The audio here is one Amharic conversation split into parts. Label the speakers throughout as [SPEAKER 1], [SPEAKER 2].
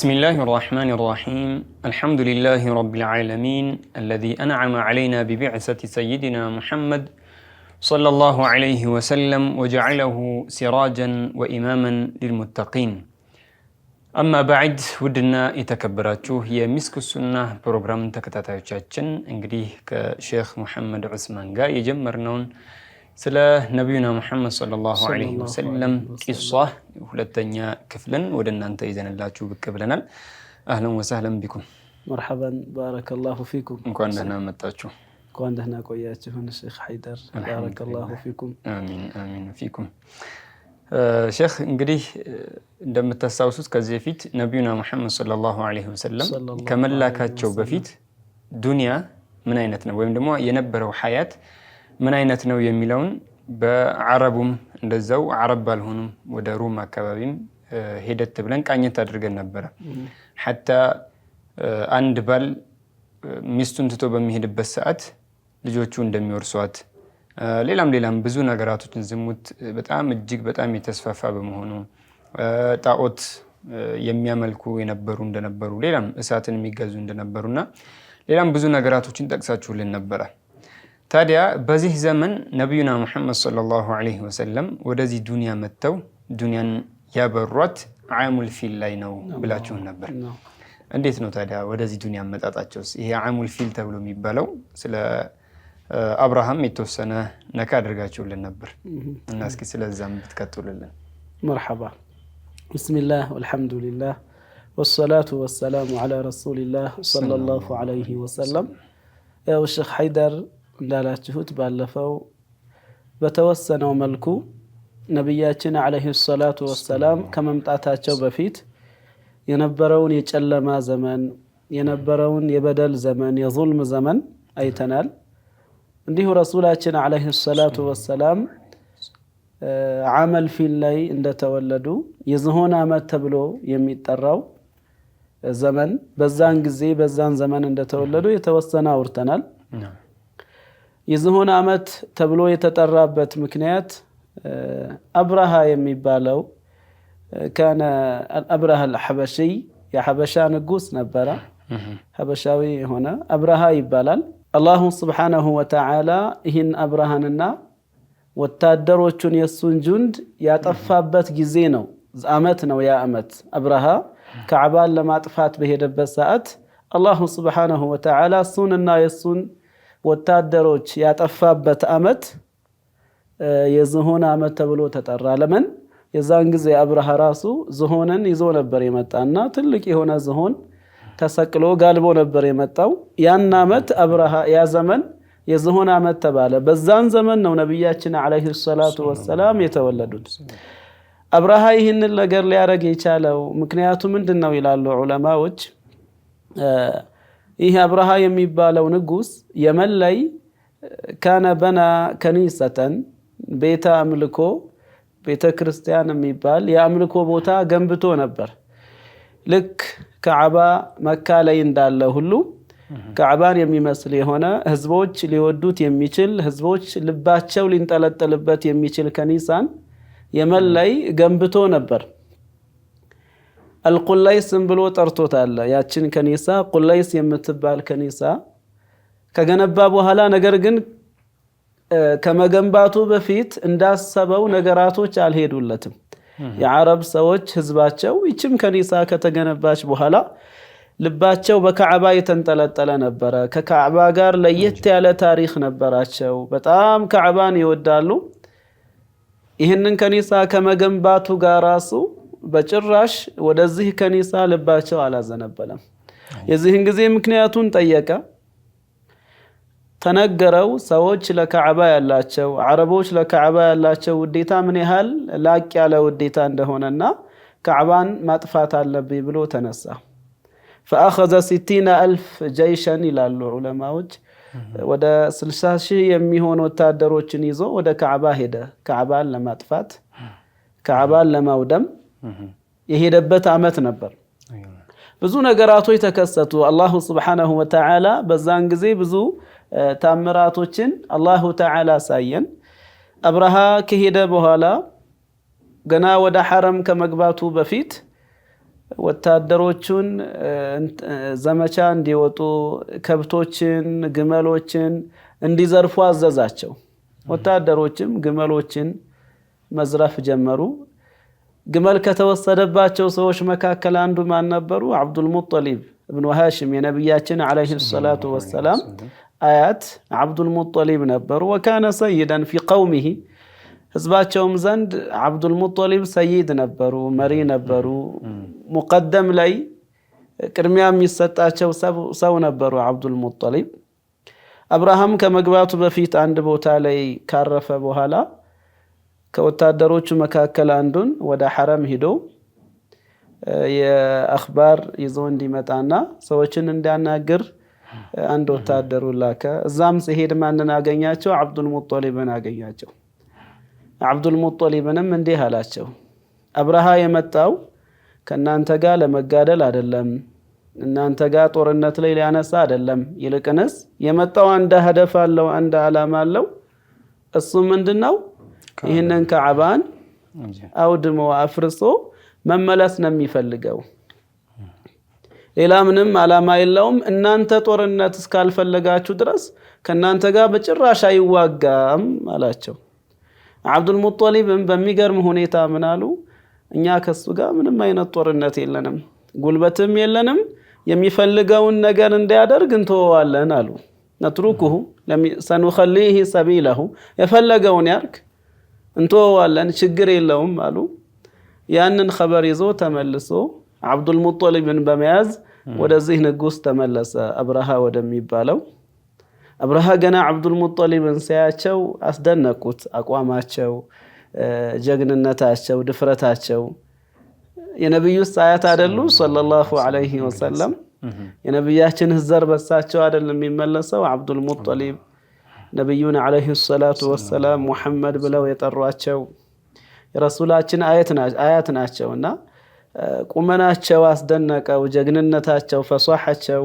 [SPEAKER 1] بسم الله الرحمن الرحيم الحمد لله رب العالمين الذي أنعم علينا ببعثة سيدنا محمد صلى الله عليه وسلم وجعله سراجا وإماما للمتقين أما بعد ودنا يتكبراتشو هي مسك السنة بروغرام تكتاتاتشاتشن انجريه كشيخ محمد عثمان قا جمرنون ስለ ነቢዩና ሙሐመድ ሰለላሁ ዐለይሂ ወሰለም ቂሷ ሁለተኛ ክፍልን ወደ እናንተ ይዘንላችሁ ብቅ ብለናል። አህለን ወሰህለን ቢኩም
[SPEAKER 2] መርሐበን ባረከላሁ ፊኩም።
[SPEAKER 1] እንኳን ደህና መጣችሁ፣
[SPEAKER 2] እንኳን ደህና ቆያችሁን። ሼክ ሐይደር ባረከላሁ ፊኩም።
[SPEAKER 1] አሚን አሚን ፊኩም። ሼክ እንግዲህ እንደምታስታውሱት ከዚህ በፊት ነቢዩና ሙሐመድ ሰለላሁ ዐለይሂ ወሰለም ከመላካቸው በፊት ዱንያ ምን አይነት ነው ወይም ደግሞ የነበረው ሀያት ምን አይነት ነው የሚለውን በአረቡም እንደዛው አረብ ባልሆኑም ወደ ሩም አካባቢም ሄደት ብለን ቃኘት አድርገን ነበረ። ሐታ አንድ ባል ሚስቱን ትቶ በሚሄድበት ሰዓት ልጆቹ እንደሚወርሷት ሌላም ሌላም ብዙ ነገራቶችን ዝሙት በጣም እጅግ በጣም የተስፋፋ በመሆኑ ጣዖት የሚያመልኩ የነበሩ እንደነበሩ ሌላም እሳትን የሚገዙ እንደነበሩና ሌላም ብዙ ነገራቶችን ጠቅሳችሁልን ነበራል። ታዲያ በዚህ ዘመን ነቢዩና ሙሐመድ ሰለላሁ ዐለይሂ ወሰለም ወደዚህ ዱንያ መጥተው ዱንያን ያበሯት ዓሙል ፊል ላይ ነው ብላችሁን ነበር። እንዴት ነው ታዲያ ወደዚህ ዱንያ መጣጣቸውስ? ይሄ ዓሙል ፊል ተብሎ የሚባለው ስለ አብርሃም የተወሰነ ነካ አድርጋችሁልን ነበር እና እስኪ ስለዛም ብትቀጥሉልን።
[SPEAKER 2] መርሐባ ብስሚላህ ወልሐምዱሊላህ ወሰላቱ ወሰላሙ ዓላ ረሱሊላህ ሰለላሁ ዐለይሂ ወሰለም ያው ሼክ ሐይደር እንዳላችሁት ባለፈው በተወሰነው መልኩ ነቢያችን አለህ ሰላቱ ወሰላም ከመምጣታቸው በፊት የነበረውን የጨለማ ዘመን የነበረውን የበደል ዘመን የዙልም ዘመን አይተናል። እንዲሁ ረሱላችን አለህ ሰላቱ ወሰላም አመል ፊል ላይ እንደተወለዱ የዝሆን ዓመት ተብሎ የሚጠራው ዘመን በዛን ጊዜ በዛን ዘመን እንደተወለዱ የተወሰነ አውርተናል። የዝሆን ዓመት ተብሎ የተጠራበት ምክንያት አብረሃ የሚባለው ካነ አብረሃ አልሐበሽይ የሐበሻ ንጉስ ነበረ። ሐበሻዊ የሆነ አብረሃ ይባላል። አላሁ ስብሓነሁ ወተዓላ ይህን አብረሃንና ወታደሮቹን የእሱን ጁንድ ያጠፋበት ጊዜ ነው። ዓመት ነው ያ ዓመት። አብረሃ ካዕባን ለማጥፋት በሄደበት ሰዓት አላሁ ስብሓነሁ ወተዓላ እሱንና የእሱን ወታደሮች ያጠፋበት አመት የዝሆን አመት ተብሎ ተጠራ። ለምን? የዛን ጊዜ አብርሃ ራሱ ዝሆንን ይዞ ነበር የመጣና ትልቅ የሆነ ዝሆን ተሰቅሎ ጋልቦ ነበር የመጣው። ያን አመት አብርሃ ያ ዘመን የዝሆን አመት ተባለ። በዛን ዘመን ነው ነቢያችን ዓለይሂ ሰላቱ ወሰላም የተወለዱት። አብርሃ ይህንን ነገር ሊያደርግ የቻለው ምክንያቱ ምንድን ነው ይላሉ ዑለማዎች ይህ አብረሃ የሚባለው ንጉስ የመን ላይ ካነ በና ከኒሰተን ቤተ አምልኮ ቤተ ክርስቲያን የሚባል የአምልኮ ቦታ ገንብቶ ነበር። ልክ ከዕባ መካ ላይ እንዳለ ሁሉ ከዕባን የሚመስል የሆነ ህዝቦች ሊወዱት የሚችል ህዝቦች ልባቸው ሊንጠለጠልበት የሚችል ከኒሳን የመን ላይ ገንብቶ ነበር። አልቁላይስም ብሎ ጠርቶታል። ያችን ከኒሳ ቁላይስ የምትባል ከኒሳ ከገነባ በኋላ ነገር ግን ከመገንባቱ በፊት እንዳሰበው ነገራቶች አልሄዱለትም። የአረብ ሰዎች ህዝባቸው ይችም ከኒሳ ከተገነባች በኋላ ልባቸው በካዕባ የተንጠለጠለ ነበረ። ከካዕባ ጋር ለየት ያለ ታሪክ ነበራቸው። በጣም ካዕባን ይወዳሉ። ይህንን ከኒሳ ከመገንባቱ ጋር ራሱ በጭራሽ ወደዚህ ከኒሳ ልባቸው አላዘነበለም። የዚህን ጊዜ ምክንያቱን ጠየቀ፣ ተነገረው። ሰዎች ለካዕባ ያላቸው አረቦች ለካዕባ ያላቸው ውዴታ ምን ያህል ላቅ ያለ ውዴታ እንደሆነና ካዕባን ማጥፋት አለብኝ ብሎ ተነሳ። ፈአኸዘ ሲቲነ አልፍ ጀይሸን ይላሉ ዑለማዎች ወደ ስልሳ ሺህ የሚሆን ወታደሮችን ይዞ ወደ ካዕባ ሄደ፣ ካዕባን ለማጥፋት፣ ካዕባን ለማውደም የሄደበት ዓመት ነበር። ብዙ ነገራቶች ተከሰቱ። አላሁ ስብሓነሁ ወተዓላ በዛን ጊዜ ብዙ ታምራቶችን አላሁ ተዓላ አሳየን። አብረሃ ከሄደ በኋላ ገና ወደ ሐረም ከመግባቱ በፊት ወታደሮቹን ዘመቻ እንዲወጡ ከብቶችን፣ ግመሎችን እንዲዘርፉ አዘዛቸው። ወታደሮችም ግመሎችን መዝረፍ ጀመሩ። ግመል ከተወሰደባቸው ሰዎች መካከል አንዱ ማን ነበሩ? አብዱልሙጠሊብ እብኑ ሃሽም የነቢያችን ዓለይሂ ሰላቱ ወሰላም አያት አብዱልሙጠሊብ ነበሩ። ወካነ ሰይደን ፊ ቀውሚሂ ህዝባቸውም ዘንድ አብዱልሙጠሊብ ሰይድ ነበሩ፣ መሪ ነበሩ። ሙቀደም ላይ ቅድሚያ የሚሰጣቸው ሰው ነበሩ አብዱልሙጠሊብ። አብርሃም ከመግባቱ በፊት አንድ ቦታ ላይ ካረፈ በኋላ ከወታደሮቹ መካከል አንዱን ወደ ሐረም ሂዶ የአክባር ይዞ እንዲመጣና ሰዎችን እንዲያናግር አንድ ወታደሩ ላከ። እዛም ሲሄድ ማንን አገኛቸው? አብዱልሙጦሊብን አገኛቸው። አብዱልሙጦሊብንም እንዲህ አላቸው፣ አብረሃ የመጣው ከእናንተ ጋር ለመጋደል አይደለም፣ እናንተ ጋር ጦርነት ላይ ሊያነሳ አይደለም። ይልቅንስ የመጣው አንድ ሀደፍ አለው፣ አንድ ዓላማ አለው። እሱ ምንድን ነው? ይህንን ከዓባን አውድሞ አፍርሶ መመለስ ነው የሚፈልገው። ሌላ ምንም አላማ የለውም። እናንተ ጦርነት እስካልፈለጋችሁ ድረስ ከእናንተ ጋር በጭራሽ አይዋጋም አላቸው። አብዱልሙጠሊብም በሚገርም ሁኔታ ምናሉ እኛ ከሱ ጋር ምንም አይነት ጦርነት የለንም፣ ጉልበትም የለንም። የሚፈልገውን ነገር እንዲያደርግ እንተወዋለን አሉ። ነትሩኩሁ ሰኑከሊህ ሰቢለሁ የፈለገውን ያርግ እንተወዋለን ችግር የለውም አሉ። ያንን ኸበር ይዞ ተመልሶ አብዱልሙጦሊብን በመያዝ ወደዚህ ንጉስ ተመለሰ፣ አብረሃ ወደሚባለው። አብረሃ ገና አብዱልሙጦሊብን ሲያቸው አስደነቁት። አቋማቸው፣ ጀግንነታቸው፣ ድፍረታቸው የነቢዩ አያት አደሉ ሰለላሁ ዐለይሂ ወሰለም። የነቢያችን ዘር በሳቸው አደል የሚመለሰው አብዱልሙጦሊብ ነቢዩን ዓለይሂ ሰላቱ ወሰላም ሙሐመድ ብለው የጠሯቸው የረሱላችን አያት ናቸው እና ቁመናቸው አስደነቀው፣ ጀግንነታቸው ፈሷሐቸው።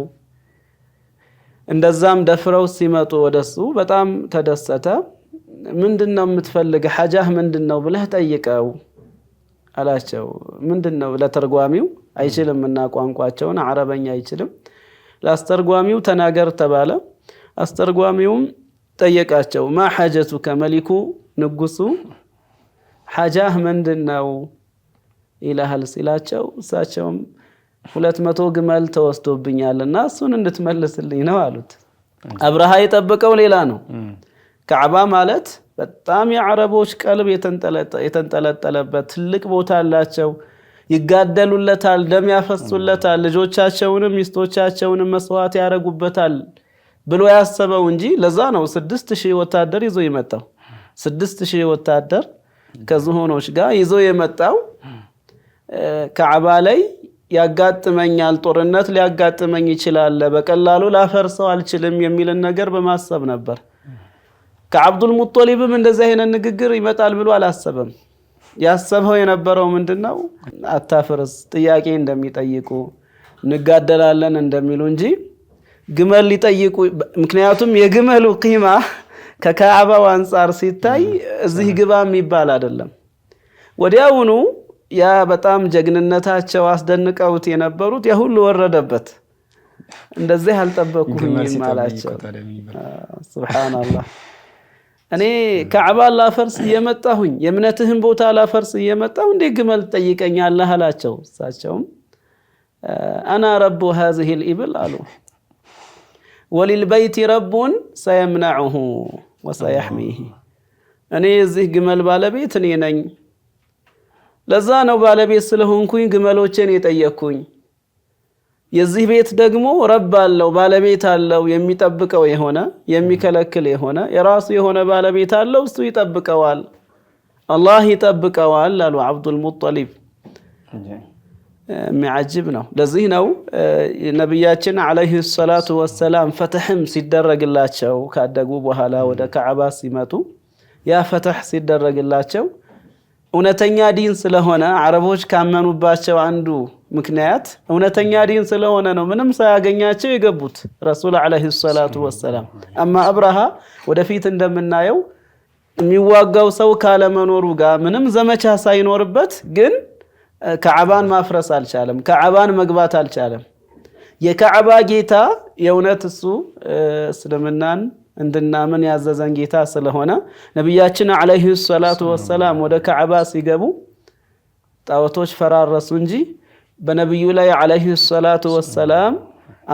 [SPEAKER 2] እንደዛም ደፍረው ሲመጡ ወደሱ በጣም ተደሰተ። ምንድን ነው የምትፈልግ? ሐጃህ ምንድን ነው ብለህ ጠይቀው አላቸው። ምንድን ነው ለተርጓሚው አይችልም እና ቋንቋቸውን አረበኛ አይችልም። ለአስተርጓሚው ተናገር ተባለ። አስተርጓሚውም ጠየቃቸው። ማ ሓጀቱ ከመሊኩ ንጉሱ ሓጃህ ምንድን ነው ይልሃል ሲላቸው እሳቸውም ሁለት መቶ ግመል ተወስዶብኛል እና እሱን እንድትመልስልኝ ነው አሉት። አብረሃ የጠበቀው ሌላ ነው። ከዕባ ማለት በጣም የዓረቦች ቀልብ የተንጠለጠለበት ትልቅ ቦታ አላቸው። ይጋደሉለታል፣ ደም ያፈሱለታል፣ ልጆቻቸውንም ሚስቶቻቸውንም መስዋዕት ያደርጉበታል። ብሎ ያሰበው እንጂ ለዛ ነው ስድስት ሺህ ወታደር ይዞ የመጣው። ስድስት ሺህ ወታደር ከዝሆኖች ጋር ይዞ የመጣው ከዓባ ላይ ያጋጥመኛል፣ ጦርነት ሊያጋጥመኝ ይችላል፣ በቀላሉ ላፈርሰው አልችልም የሚልን ነገር በማሰብ ነበር። ከአብዱል ሙጦሊብም እንደዚህ አይነት ንግግር ይመጣል ብሎ አላሰበም። ያሰበው የነበረው ምንድን ነው? አታፍርስ ጥያቄ እንደሚጠይቁ እንጋደላለን እንደሚሉ እንጂ ግመል ሊጠይቁ ምክንያቱም የግመሉ ቂማ ከካዕባው አንጻር ሲታይ እዚህ ግባ የሚባል አይደለም። ወዲያውኑ ያ በጣም ጀግንነታቸው አስደንቀውት የነበሩት ያ ሁሉ ወረደበት። እንደዚህ አልጠበቅኩኝም አላቸው። ሱብሓነላህ እኔ ካዕባ ላፈርስ እየመጣሁኝ የእምነትህን ቦታ ላፈርስ እየመጣሁ እንዴ ግመል ትጠይቀኛለህ? አላቸው እሳቸውም አና ረቡ ሀዚህ ልኢብል አሉ ወሊልበይቲ ረቡን ሰየምናዑሁ ወሰያሕሚህ። እኔ የዚህ ግመል ባለቤት እኔ ነኝ። ለዛ ነው ባለቤት ስለሆንኩኝ ግመሎችን የጠየቅኩኝ። የዚህ ቤት ደግሞ ረብ አለው ባለቤት አለው፣ የሚጠብቀው የሆነ የሚከለክል የሆነ የራሱ የሆነ ባለቤት አለው። እሱ ይጠብቀዋል፣ አላህ ይጠብቀዋል አሉ አብዱል ሙጠሊብ የሚያጅብ ነው። ለዚህ ነው ነቢያችን ዓለይሂ ሰላቱ ወሰላም ፈትሕም ሲደረግላቸው ካደጉ በኋላ ወደ ከዓባ ሲመጡ ያ ፈትሕ ሲደረግላቸው እውነተኛ ዲን ስለሆነ አረቦች ካመኑባቸው አንዱ ምክንያት እውነተኛ ዲን ስለሆነ ነው። ምንም ሳያገኛቸው የገቡት ረሱል ዓለይሂ ሰላቱ ወሰላም። አማ አብረሃ ወደፊት እንደምናየው የሚዋጋው ሰው ካለመኖሩ ጋር ምንም ዘመቻ ሳይኖርበት ግን ከዓባን ማፍረስ አልቻለም። ከዓባን መግባት አልቻለም። የከዓባ ጌታ የእውነት እሱ እስልምናን እንድናምን ያዘዘን ጌታ ስለሆነ ነቢያችን ዓለይሂ ሰላቱ ወሰላም ወደ ከዓባ ሲገቡ ጣዖቶች ፈራረሱ እንጂ በነቢዩ ላይ ዓለይሂ ሰላቱ ወሰላም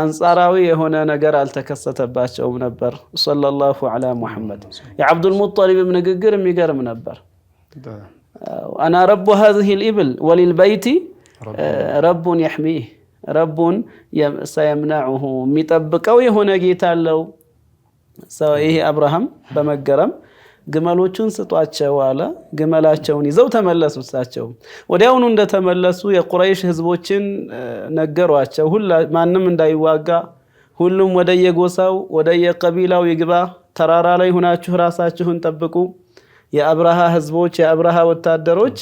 [SPEAKER 2] አንጻራዊ የሆነ ነገር አልተከሰተባቸውም ነበር። ሰለላሁ ዐላ ሙሐመድ የዓብዱልሙጠሊብም ንግግር የሚገርም ነበር። አና ረቡ ሀዚህ ልኢብል በይቲ ረቡን የሕሚህ ረቡን ሰየምናዑሁ የሚጠብቀው የሆነ ጌታ አለው። ይሄ አብርሃም በመገረም ግመሎቹን ስጧቸው አለ። ግመላቸውን ይዘው ተመለሱ። እሳቸው ወዲያውኑ እንደተመለሱ የቁረይሽ ህዝቦችን ነገሯቸው። ሁላ ማንም እንዳይዋጋ ሁሉም ወደየጎሳው ወደየቀቢላው ይግባ፣ ተራራ ላይ ሆናችሁ ራሳችሁን ጠብቁ የአብርሃ ህዝቦች የአብርሃ ወታደሮች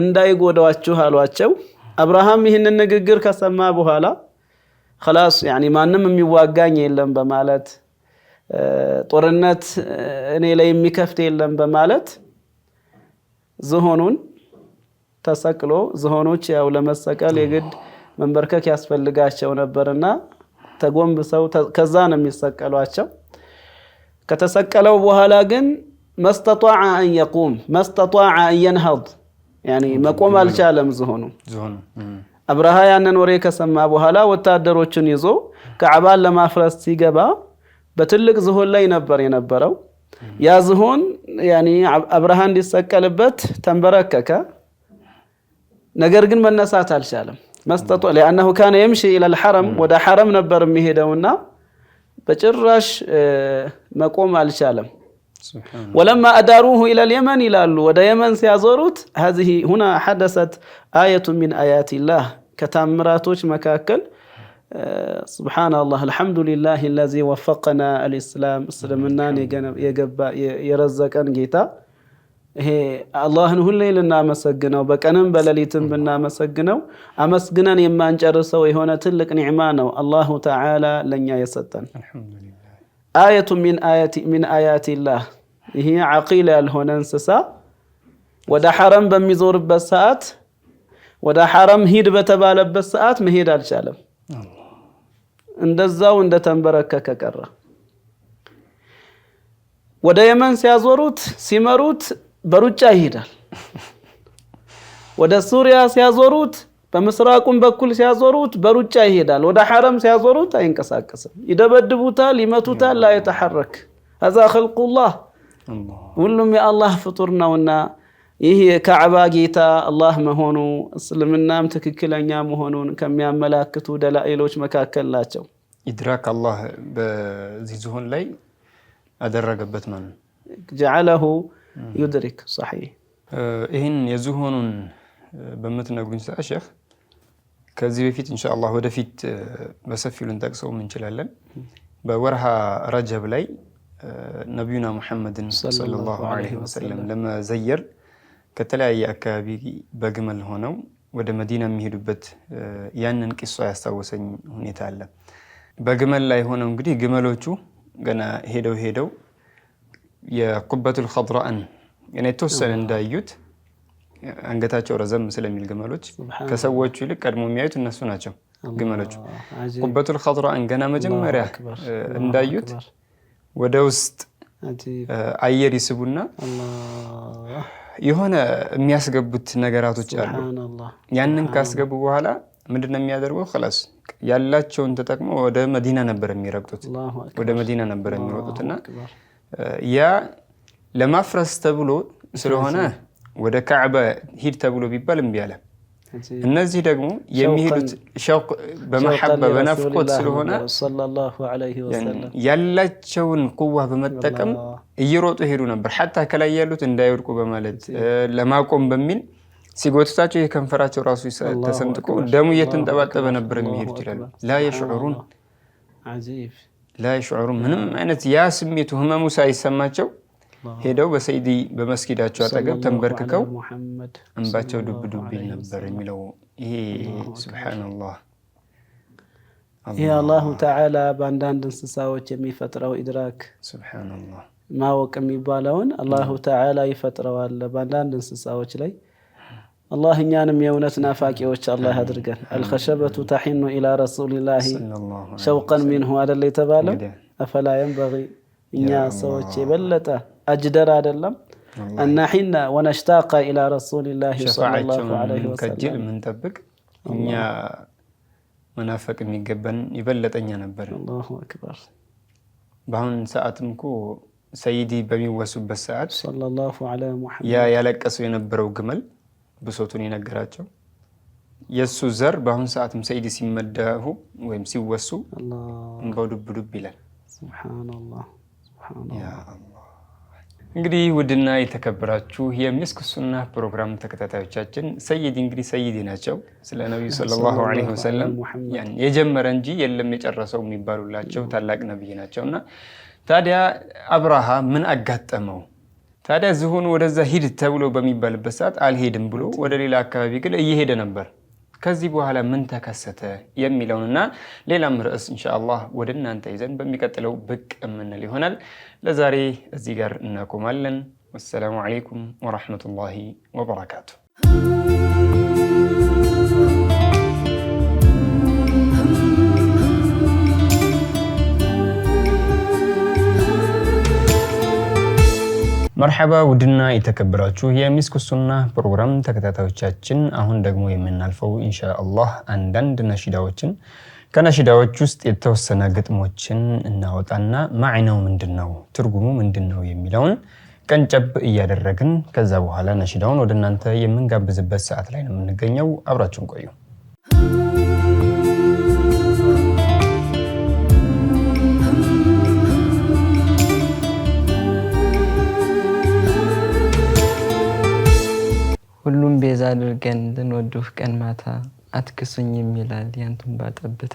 [SPEAKER 2] እንዳይጎዳዋችሁ አሏቸው። አብርሃም ይህንን ንግግር ከሰማ በኋላ ኸላስ ያኒ ማንም የሚዋጋኝ የለም በማለት ጦርነት እኔ ላይ የሚከፍት የለም በማለት ዝሆኑን ተሰቅሎ ዝሆኖች ያው ለመሰቀል የግድ መንበርከክ ያስፈልጋቸው ነበርና ተጎንብሰው ከዛ ነው የሚሰቀሏቸው። ከተሰቀለው በኋላ ግን መስተጧዐ አን የቁም መስተጧዐ አን የንሀድ መቆም አልቻለም። ዝሆኑ አብረሃ ያንን ወሬ ከሰማ በኋላ ወታደሮችን ይዞ ከዕባን ለማፍረስ ሲገባ በትልቅ ዝሆን ላይ ነበር የነበረው። ያ ዝሆን አብረሃ እንዲሰቀልበት ተንበረከከ። ነገር ግን መነሳት አልቻለም። ሊአነሁ ካነ የምሺ ኢለል ወደ ሐረም ነበር የሚሄደውና በጭራሽ መቆም አልቻለም። ወለማ አዳሩሁ ኢለል የመን ይላሉ። ወደ የመን ሲያዞሩት ሀዚህ ሁና ሐደሰት አየቱ ሚን አያቲላህ ከታምራቶች መካከል ሱብሓነላህ አልሐምዱሊላህ ለዚ ወፈቀና አልእስላም እስልምናን የረዘቀን ጌታ ይሄ አላህን ሁሌ ልናመሰግነው በቀንም በሌሊትም ብናመሰግነው አመስግነን የማንጨርሰው የሆነ ትልቅ ኒዕማ ነው አላሁ ተዓላ ለእኛ የሰጠን። አየቱ ሚን አያቲላህ ይህ አቂል ያልሆነ እንስሳ ወደ ሐረም በሚዞርበት ሰዓት ወደ ሐረም ሂድ በተባለበት ሰዓት መሄድ አልቻለም። እንደዛው እንደተንበረከከ ቀረ። ወደ የመን ሲያዞሩት ሲመሩት በሩጫ ይሄዳል። ወደ ሱሪያ ሲያዞሩት በምስራቁም በኩል ሲያዞሩት በሩጫ ይሄዳል። ወደ ሐረም ሲያዞሩት አይንቀሳቀስም። ይደበድቡታል፣ ይመቱታል። ላ የተሐረክ ሀዛ ኸልቁላህ ሁሉም የአላህ ፍጡር ነውና ይህ የካዕባ ጌታ አላህ መሆኑ እስልምናም ትክክለኛ መሆኑን ከሚያመላክቱ ደላኢሎች መካከል ናቸው።
[SPEAKER 1] ኢድራክ አላህ በዚህ ዝሆን ላይ አደረገበት ማለት
[SPEAKER 2] ጀዓለሁ ዩድሪክ። ሰሒህ
[SPEAKER 1] ይህን የዝሆኑን በምትነግሩኝ ሰዓት ሼህ ከዚህ በፊት እንሻላ ወደፊት በሰፊው ልንጠቅሰውም እንችላለን። በወርሃ ረጀብ ላይ ነቢዩና ሙሐመድን ሰለላሁ ዐለይሂ ወሰለም ለመዘየር ከተለያየ አካባቢ በግመል ሆነው ወደ መዲና የሚሄዱበት ያንን ቂሷ ያስታወሰኝ ሁኔታ አለ። በግመል ላይ ሆነው እንግዲህ ግመሎቹ ገና ሄደው ሄደው የቁበቱል ኸድራእን የተወሰነ እንዳዩት አንገታቸው ረዘም ስለሚል ግመሎች ከሰዎቹ ይልቅ ቀድሞ የሚያዩት እነሱ ናቸው። ግመሎቹ ቁበቱል ኸጥራን ገና መጀመሪያ እንዳዩት ወደ ውስጥ አየር ይስቡና የሆነ የሚያስገቡት ነገራቶች አሉ። ያንን ካስገቡ በኋላ ምንድን ነው የሚያደርገው? ላስ ያላቸውን ተጠቅሞ ወደ መዲና ነበር የሚረግጡት፣ ወደ መዲና ነበር የሚሮጡት እና ያ ለማፍረስ ተብሎ ስለሆነ ወደ ካዕባ ሂድ ተብሎ ቢባል እምቢ አለ። እነዚህ ደግሞ የሚሄዱት ሸውቅ በመሐባ በናፍቆት ስለሆነ ያላቸውን ቁዋ በመጠቀም እየሮጡ ሄዱ ነበር። ሐታ ከላይ ያሉት እንዳይወድቁ በማለት ለማቆም በሚል ሲጎትታቸው የከንፈራቸው ራሱ ተሰንጥቆ ደሙ እየተንጠባጠበ ነበር የሚሄዱት ይላሉ። ላ የሽዑሩን ላ የሽዑሩን ምንም አይነት ያ ስሜቱ ህመሙ ሳይሰማቸው ሄደው በሰይዲ በመስጊዳቸው አጠገብ ተንበርክከው እንባቸው ዱብ ዱብ ይል ነበር የሚለው ይሄ ሱብሓነላህ።
[SPEAKER 2] ይህ አላሁ ተዓላ በአንዳንድ እንስሳዎች የሚፈጥረው ኢድራክ ማወቅ የሚባለውን አላሁ ተዓላ ይፈጥረዋል በአንዳንድ እንስሳዎች ላይ። አላህ እኛንም የእውነት ናፋቂዎች አላህ አድርገን። አልኸሸበቱ ተሒኑ ኢላ ረሱሊላሂ ሸውቀን ሚንሁ አደለ የተባለው። አፈላየን በ እኛ ሰዎች የበለጠ አጅደር አይደለም እና ሒና ወነሽታቀ ኢላ ረሱሊላሂ ሸፋዓቸውን ከጅል የምንጠብቅ እኛ
[SPEAKER 1] መናፈቅ የሚገባን ይበለጠኛ ነበር። በአሁን ሰዓትም እኮ ሰይዲ በሚወሱበት ሰዓት ያ ያለቀሰው የነበረው ግመል ብሶቱን የነገራቸው የእሱ ዘር በአሁን ሰዓትም ሰይዲ ሲመደሁ ወይም ሲወሱ እንባው ዱብ ዱብ ይላል። እንግዲህ ውድና የተከበራችሁ የሚስክሱና ፕሮግራም ተከታታዮቻችን ሰይድ እንግዲህ ሰይድ ናቸው። ስለ ነቢዩ ሰለላሁ ዐለይሂ ወሰለም የጀመረ እንጂ የለም የጨረሰው የሚባሉላቸው ታላቅ ነቢይ ናቸው እና ታዲያ አብርሃ ምን አጋጠመው? ታዲያ ዝሆኑ ወደዛ ሂድ ተብሎ በሚባልበት ሰዓት አልሄድም ብሎ ወደ ሌላ አካባቢ ግን እየሄደ ነበር ከዚህ በኋላ ምን ተከሰተ የሚለውንና ሌላም ርዕስ እንሻአላህ ወደ እናንተ ይዘን በሚቀጥለው ብቅ የምንል ይሆናል። ለዛሬ እዚህ ጋር እናቆማለን። ወሰላሙ ዓለይኩም ወራህመቱላሂ ወበረካቱ። መርሐባ ውድና የተከበራችሁ የሚስኩሱና ፕሮግራም ተከታታዮቻችን፣ አሁን ደግሞ የምናልፈው ኢንሻ አንዳንድ ነሽዳዎችን ከነሽዳዎች ውስጥ የተወሰነ ግጥሞችን እናወጣና ማዕናው ምንድን ነው፣ ትርጉሙ ምንድን ነው የሚለውን ቀንጨብ እያደረግን ከዛ በኋላ ነሽዳውን ወደ እናንተ የምንጋብዝበት ሰዓት ላይ ነው የምንገኘው። አብራችሁን ቆዩ።
[SPEAKER 2] ሁሉም ቤዛ አድርገን ልንወዱህ ቀን ማታ አትክሱኝ የሚላል ያንቱን ባጠብታ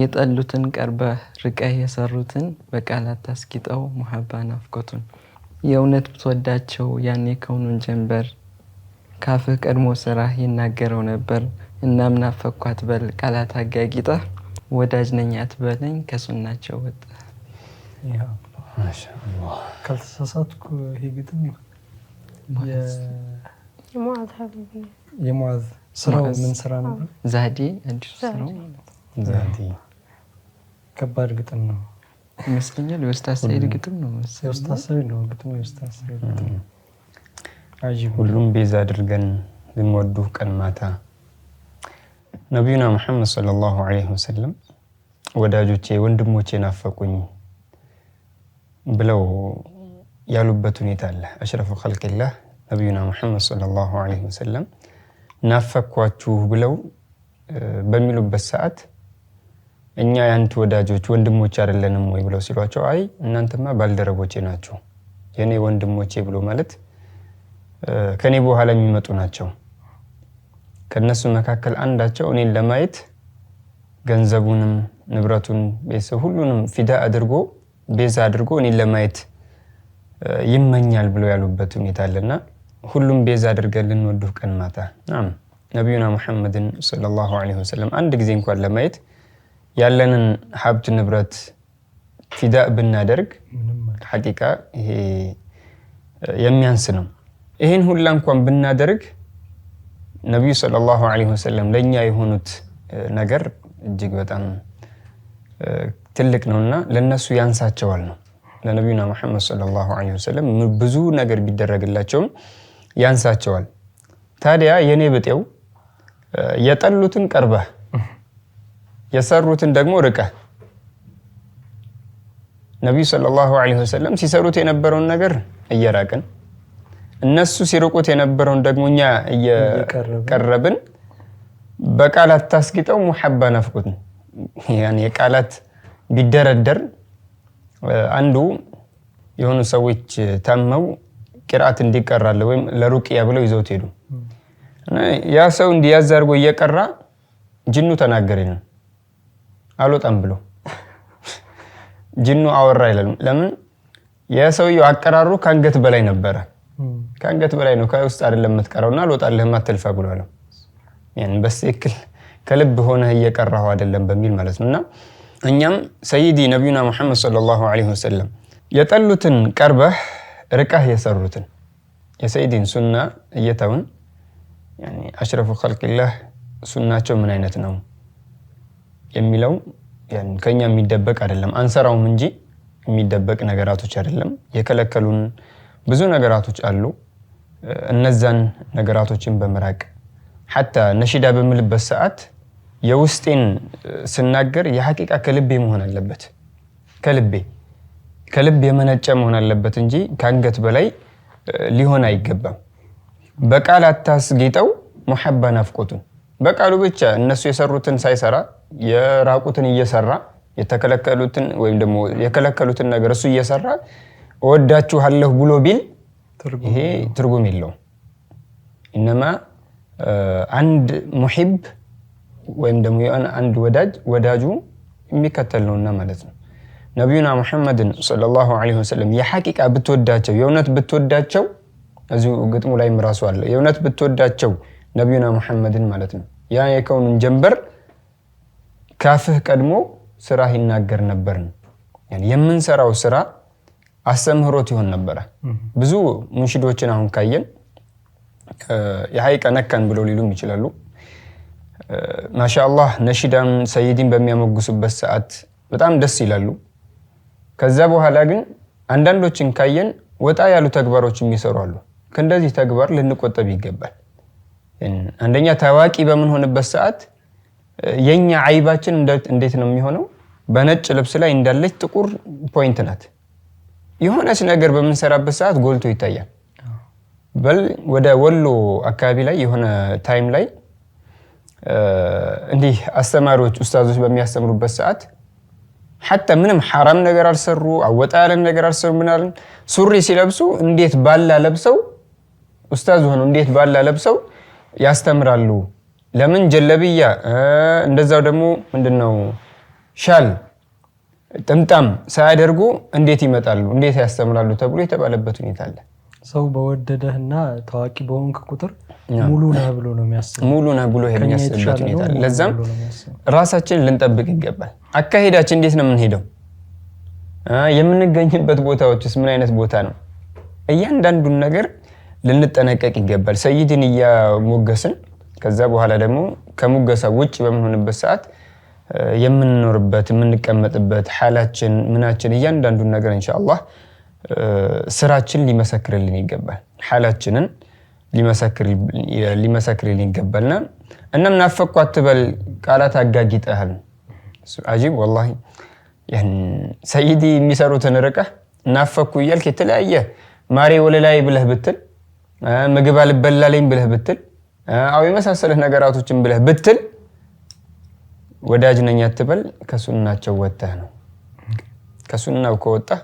[SPEAKER 2] የጠሉትን ቀርበህ ርቀህ የሰሩትን በቃላት ታስጊጠው ሙሀባ ናፍቆቱን የእውነት ብትወዳቸው ያኔ ከውኑን ጀንበር ካፍህ ቀድሞ ስራህ ይናገረው ነበር። እናም ናፈኳ አትበል ቃላት አጋጊጠህ ወዳጅ ነኝ አትበለኝ ከሱናቸው ወጣ። ካልተሳሳትኩ ይሄ ግጥም የሙዓዝ ስራው ምን ስራ ነበር?
[SPEAKER 1] ዛህዲ አዲሱ ስራው ማለት
[SPEAKER 2] ከባድ ግጥም ነው
[SPEAKER 1] ይመስለኛል። የኡስታዝ ሰኢድ ግጥም ነው መሰለኝ። የኡስታዝ ሰኢድ ነው ግጥም፣ የኡስታዝ ሰኢድ ግጥም። ሁሉም ቤዛ አድርገን ብንወዱህ ቀን ማታ ነቢዩና ሙሐመድ ሰለላሁ ዐለይሂ ወሰለም ወዳጆቼ ወንድሞቼ ናፈቁኝ ብለው ያሉበት ሁኔታ አለ። አሽረፉ ኸልቂላህ ነቢዩና ሙሐመድ ሰለላሁ ዐለይሂ ወሰለም ናፈኳችሁ ብለው በሚሉበት ሰዓት እኛ የአንተ ወዳጆች ወንድሞች አይደለንም ወይ ብለው ሲሏቸው፣ አይ እናንተማ ባልደረቦቼ ናቸው፣ የእኔ ወንድሞቼ ብሎ ማለት ከእኔ በኋላ የሚመጡ ናቸው። ከእነሱ መካከል አንዳቸው እኔን ለማየት ገንዘቡንም፣ ንብረቱን፣ ቤተሰብ ሁሉንም ፊዳ አድርጎ ቤዛ አድርጎ እኔን ለማየት ይመኛል ብሎ ያሉበት ሁኔታ አለና ሁሉም ቤዛ አድርገን ልንወድህ ቀን ማታ ነቢዩና ሙሐመድን ሰለላሁ ዐለይሂ ወሰለም አንድ ጊዜ እንኳን ለማየት ያለንን ሀብት ንብረት ፊዳእ ብናደርግ ሐቂቃ ይሄ የሚያንስ ነው። ይህን ሁላ እንኳን ብናደርግ ነቢዩ ሰለላሁ ዐለይሂ ወሰለም ለእኛ የሆኑት ነገር እጅግ በጣም ትልቅ ነውና ለእነሱ ያንሳቸዋል ነው። ለነቢዩና ሙሐመድ ሰለላሁ ዐለይሂ ወሰለም ብዙ ነገር ቢደረግላቸውም ያንሳቸዋል። ታዲያ የኔ ብጤው የጠሉትን ቀርበህ የሰሩትን ደግሞ ርቀህ ነቢዩ ሰለላሁ ዐለይሂ ወሰለም ሲሰሩት የነበረውን ነገር እየራቅን እነሱ ሲርቁት የነበረውን ደግሞ እኛ እየቀረብን በቃላት ታስጊጠው ሙሐባ ናፍቁት የቃላት ቢደረደር አንዱ የሆኑ ሰዎች ታመው ቅርአት እንዲቀራለ ወይም ለሩቅያ ብለው ይዘውት ሄዱ። ያ ሰው እንዲያዝ አድርጎ እየቀራ ጅኑ ተናገረኝ አሎጣም አልወጣም ብሎ ጅኑ አወራ ይላል። ለምን የሰውየው አቀራሩ ከአንገት በላይ ነበረ። ከአንገት በላይ ነው፣ ከውስጥ አይደለም እና አልወጣልህም አትልፋ ብሏል። በትክክል ከልብ ሆነህ እየቀራሁ አይደለም በሚል ማለት ነው። እና እኛም ሰይዲ ነቢዩና ሙሐመድ ሰለላሁ ዐለይሂ ወሰለም የጠሉትን ቀርበህ ርቀህ የሰሩትን የሰይድን ሱና እየተውን አሽረፉ ኸልቅላህ ሱናቸው ምን አይነት ነው የሚለው ከኛ የሚደበቅ አይደለም። አንሰራውም እንጂ የሚደበቅ ነገራቶች አይደለም። የከለከሉን ብዙ ነገራቶች አሉ። እነዛን ነገራቶችን በመራቅ ሐታ ነሽዳ በምልበት ሰዓት የውስጤን ስናገር የሐቂቃ ከልቤ መሆን አለበት ከልቤ ከልብ የመነጨ መሆን አለበት እንጂ ከአንገት በላይ ሊሆን አይገባም። በቃል አታስጌጠው ሙሐባ ናፍቆቱን በቃሉ ብቻ እነሱ የሰሩትን ሳይሰራ የራቁትን እየሰራ የተከለከሉትን ወይም ደግሞ የከለከሉትን ነገር እሱ እየሰራ እወዳችኋለሁ ብሎ ቢል ይሄ ትርጉም የለው። እነማ አንድ ሙሒብ ወይም ደግሞ አንድ ወዳጅ ወዳጁ የሚከተል ነውና ማለት ነው። ነቢዩና ሙሐመድን ሰለላሁ ዐለይሂ ወሰለም የሐቂቃ ብትወዳቸው የእውነት ብትወዳቸው እዚሁ ግጥሙ ላይ ምራሱ አለ። የእውነት ብትወዳቸው ነቢዩና ሙሐመድን ማለት ነው። ያ የከውኑን ጀንበር ካፍህ ቀድሞ ስራህ ይናገር ነበርን። የምንሰራው ስራ አስተምህሮት ይሆን ነበረ። ብዙ ሙንሽዶችን አሁን ካየን የሐቂቃ ነካን ብለው ሊሉም ይችላሉ። ማሻአላህ ነሺዳም ሰይዲን በሚያመጉሱበት ሰዓት በጣም ደስ ይላሉ። ከዛ በኋላ ግን አንዳንዶችን ካየን ወጣ ያሉ ተግባሮች የሚሰሩ አሉ። ከእንደዚህ ተግባር ልንቆጠብ ይገባል። አንደኛ ታዋቂ በምንሆንበት ሰዓት የኛ አይባችን እንዴት ነው የሚሆነው? በነጭ ልብስ ላይ እንዳለች ጥቁር ፖይንት ናት። የሆነች ነገር በምንሰራበት ሰዓት ጎልቶ ይታያል። በል ወደ ወሎ አካባቢ ላይ የሆነ ታይም ላይ እንዲህ አስተማሪዎች ኡስታዞች በሚያስተምሩበት ሰዓት ሐታ ምንም ሐራም ነገር አልሰሩ፣ አወጣ ያለን ነገር አልሰሩ። ምናልን ሱሪ ሲለብሱ እንዴት ባላ ለብሰው ኡስታዝ ሆነው እንዴት ባላ ለብሰው ያስተምራሉ? ለምን ጀለብያ፣ እንደዛው ደግሞ ምንድነው ሻል፣ ጥምጣም ሳያደርጉ እንዴት ይመጣሉ? እንዴት ያስተምራሉ? ተብሎ የተባለበት ሁኔታ አለ።
[SPEAKER 2] ሰው እና ታዋቂ በሆንክ ቁጥር ሙሉ ነህ ብሎ ነው የሚያስበው።
[SPEAKER 1] ሙሉ ነህ ብሎ የሚያስብበት ሁኔታ ለዛም ራሳችን ልንጠብቅ ይገባል። አካሄዳችን እንዴት ነው የምንሄደው? የምንገኝበት ቦታዎችስ ምን አይነት ቦታ ነው? እያንዳንዱን ነገር ልንጠነቀቅ ይገባል። ሰይድን እያሞገስን ከዛ በኋላ ደግሞ ከሙገሳ ውጭ በምንሆንበት ሰዓት የምንኖርበት የምንቀመጥበት፣ ሓላችን ምናችን እያንዳንዱን ነገር እንሻ አላህ ስራችን ሊመሰክርልን ይገባል። ሓላችንን ሊመሰክርልን ይገባልና እናም ናፈኩ አትበል፣ ቃላት አጋጊጠሃል። አጂብ ወላሂ ሰይዲ የሚሰሩትን ርቀህ ናፈቅኩ እያልክ የተለያየ ማሬ ወለላይ ብለህ ብትል፣ ምግብ አልበላለኝ ብለህ ብትል፣ አው የመሳሰልህ ነገራቶችን ብለህ ብትል ወዳጅ ነኝ አትበል። ከሱናቸው ወጥተህ ነው። ከሱናው ከወጣህ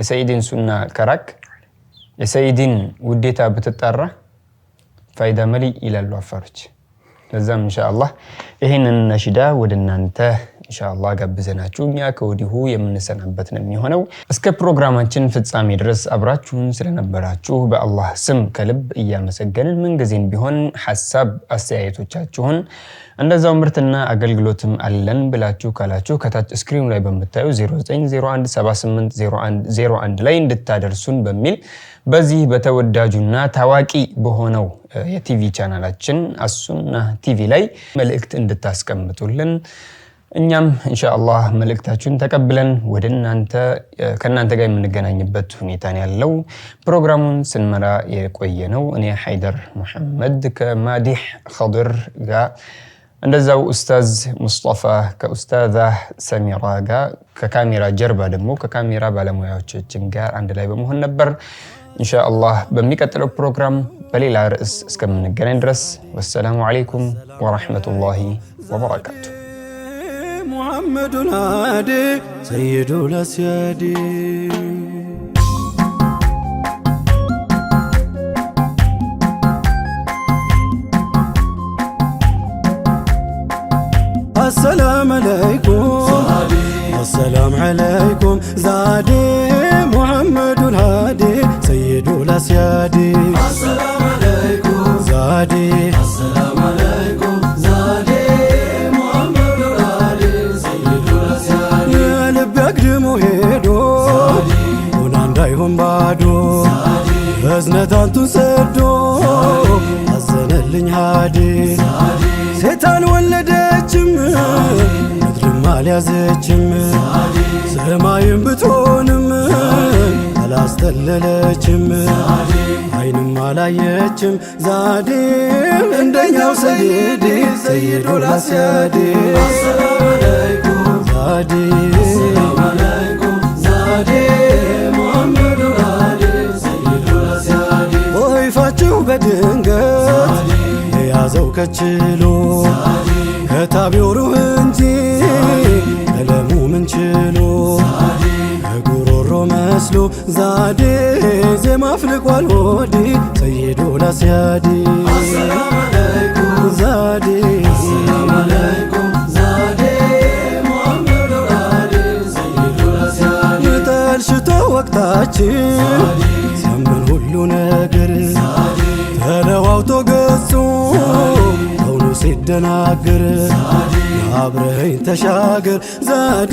[SPEAKER 1] የሰይድን ሱና ከራክ የሰይድን ውዴታ ብትጣራ ፋይዳ መሊ ይላሉ አፋሮች። ለዛም እንሻ አላህ ይህንን ነሽዳ ወደ እናንተ ኢንሻአላህ ጋብዘናችሁ እኛ ከወዲሁ የምንሰናበት ነው የሚሆነው። እስከ ፕሮግራማችን ፍጻሜ ድረስ አብራችሁን ስለነበራችሁ በአላህ ስም ከልብ እያመሰገንን ምንጊዜም ቢሆን ሐሳብ አስተያየቶቻችሁን እንደዛው ምርትና አገልግሎትም አለን ብላችሁ ካላችሁ ከታች ስክሪኑ ላይ በምታዩ 0901780101 ላይ እንድታደርሱን በሚል በዚህ በተወዳጁና ታዋቂ በሆነው የቲቪ ቻናላችን አሱና ቲቪ ላይ መልእክት እንድታስቀምጡልን እኛም እንሻአላህ መልእክታችሁን ተቀብለን ወደ እናንተ ከእናንተ ጋር የምንገናኝበት ሁኔታ ያለው። ፕሮግራሙን ስንመራ የቆየ ነው። እኔ ሀይደር ሙሐመድ ከማዲህ ከድር ጋር እንደዛው ኡስታዝ ሙስጠፋ ከኡስታዛ ሰሚራ ጋር ከካሜራ ጀርባ ደግሞ ከካሜራ ባለሙያዎቻችን ጋር አንድ ላይ በመሆን ነበር። እንሻአላህ በሚቀጥለው ፕሮግራም በሌላ ርዕስ እስከምንገናኝ ድረስ ወሰላሙ አለይኩም ወረሕመቱላሂ ወበረካቱ። محمد الهادي سيد الأسياد السلام عليكم السلام عليكم زادي መታቱን ሰዶ አዘነልኝ ሃዲ ሴታን ወለደችም ምድርም አልያዘችም ሰማይም ብትሆንም አላስተለለችም አይንም አላየችም ዛዲ እንደኛው ሰይድ ሰይዶ ሲያዲ ዛዲ በድንገት የያዘው ከችሎ ከታቢዮሩ እንጂ ቀለሙ ምንችሎ ከጉሮሮ መስሎ ዛዴ ዜማ አፍልቋል ወዲ ሰይዶ ላስያዲ ዛዴ ጠልሽቶ ወቅታችን ሲያምን ሁሉ ነገር ተለዋውጦ ገጹ ከውኑ ሲደናግር አብረኸኝ ተሻገር ዛዴ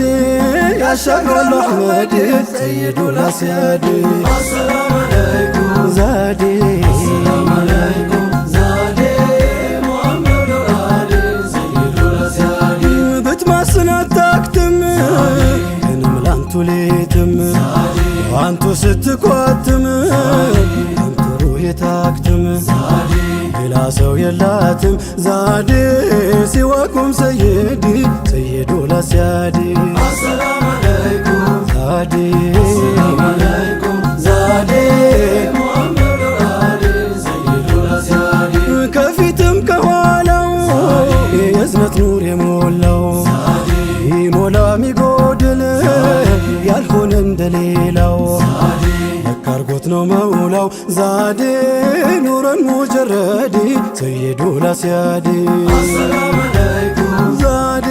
[SPEAKER 1] ያሻግራሉ አሕመድ ሰይዱ ላስያድ ዛዴ ብትማስናት አንቱ ስትኳትም ሌላ ሰው የላትም ዛዴ ሲዋቁም ሰይዲ ሰይዱ ላስያዲ ዛዴ ነው መውላው ዛዴ ኑረን ሙጀረዲ ሰይዱ ላስያዲ ዛዴ